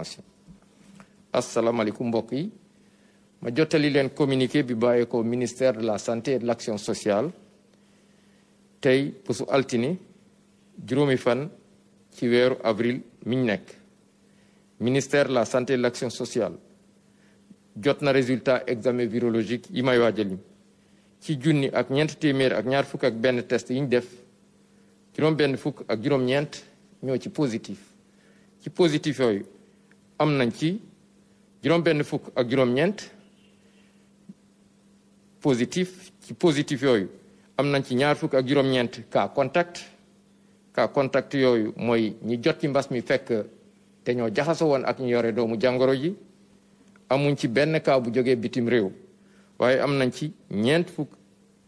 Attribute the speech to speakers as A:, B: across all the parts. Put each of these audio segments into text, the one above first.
A: attention asalaamaaleykum mbokk yi ma jottali leen communiqué bi bàyyeekoo ministère de la santé et de l'action sociale tey pusu altine juróomi fan ci weeru avril miñ nekk ministère de la santé et de l'action sociale jot na résultat examen virologique yi may waajal ci junni ak ñeent téeméer ak ñaar fukk ak benn test yi ñu def juróom benn fukk ak juróom-ñeent ñoo ci positif ci positif yooyu am nañ ci juróom-benn fukk ak juróom-ñeent positif ci positif yooyu am nañ ci ñaar fukk ak juróom-ñeent cas contact cas contact yooyu mooy ñi jot ci mbas mi fekk te ñoo jaxasoo woon ak ñu yore doomu jàngoro ji amuñ ci benn kaa bu jógee bitim réew waaye am nañ ci ñeent fukk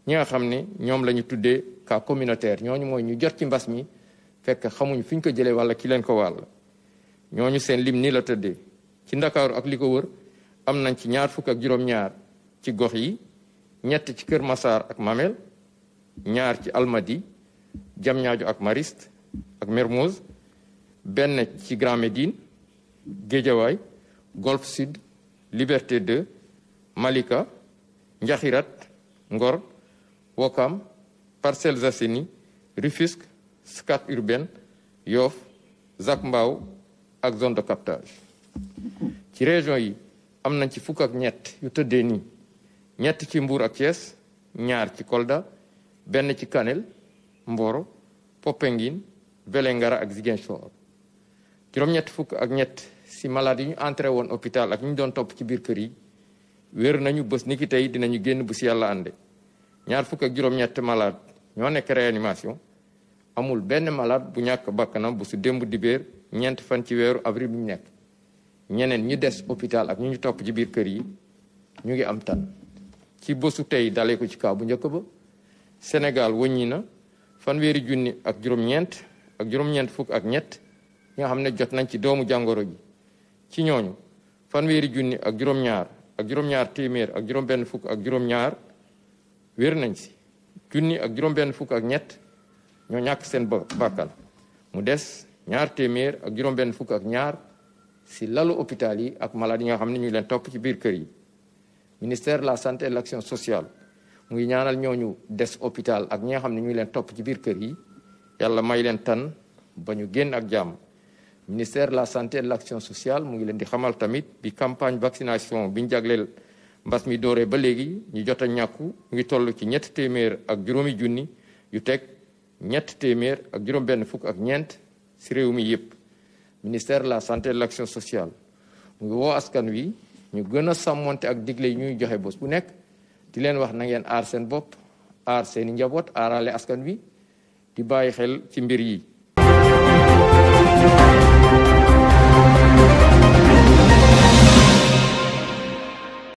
A: ñaa xam ne ñoom la ñu tuddee cas communautaire ñooñu mooy ñu jot ci mbas mi fekk xamuñ fi ñu ko jëlee walla ki leen ko wàll ñooñu seen lim ni la tëddee ci ndakaaru ak li ko wër am nañ ci ñaar fukk ak juróom-ñaar ci gox yi ñett ci Kër masaar ak Mamel ñaar ci Almadi Diamniadio ak Mariste ak Mermoz benn ci Grand Médine Guédiawaye Golf Sud Liberté 2 Malika Njaxirat Ngor Wokam Parcelles Assainies Rufisque Scat Urbam yoof Zac Mbao ak zone de captage ci région yi am nañ ci fukk ak ñett yu tëddee nii ñett ci mbuur ak Thiès ñaar ci Kolda benn ci Kanel Mboro Popenguine Vélingara ak Ziguinchor juróom-ñett fukk ak ñett si malade yi ñu entré woon hôpital ak ñu doon topp ci biir kër yi wér nañu bës ni ki tey dinañu génn bu si yàlla ànde ñaar fukk ak juróom-ñett malade ñoo nekk réanimation amul benn malade bu ñàkk bakkanam bu su démb dibéer ñeent fan ci weeru avril bu ñu nekk ñeneen ñi des hôpital ak ñu ñu topp ci biir kër yi ñu ngi am tan ci bésu tey dalee ko ci kaw bu njëkk ba senegal wëññi na fanweeri junni ak juróom ak juróom fukk ak ñett ñi nga xam ne jot nañ ci doomu jàngoro ji ci ñooñu fanweeri junni ak juróom-ñaar ak juróom téeméer ak juróom-benn fukk ak juróom-ñaar wér nañ si junni ak juróom-benn fukk ak ñett ñoo ñàkk seen bàkkal mu des ñaar téeméer ak juróom-benn fukk ak ñaar si lalu hôpital yi ak malade yi nga xam ne ñu leen topp ci biir kër yi ministère la santé de l'action sociale mu ngi ñaanal ñu des hôpital ak ñi nga xam ne ñu leen topp ci biir kër yi yàlla may leen tan ba ñu génn ak jàmm ministère la santé de l'action sociale mu ngi leen di xamal tamit bi campagne vaccination bi ñu jagleel mbas mi dooree ba léegi ñu jot a ñàkku ngi toll ci ñetti téeméer ak juróomi junni teg ñett téeméer ak juróom-benn fukk ak ñeent ci réew mi yépp ministère de la santé et de l'action sociale mu ngi woo askan wi ñu gën a sàmmonte ak digle yi ñuy joxe bos bu nekk di leen wax na ngeen aar seen bopp aar seeni njaboot aarale askan wi di bàyyi xel ci mbir yi.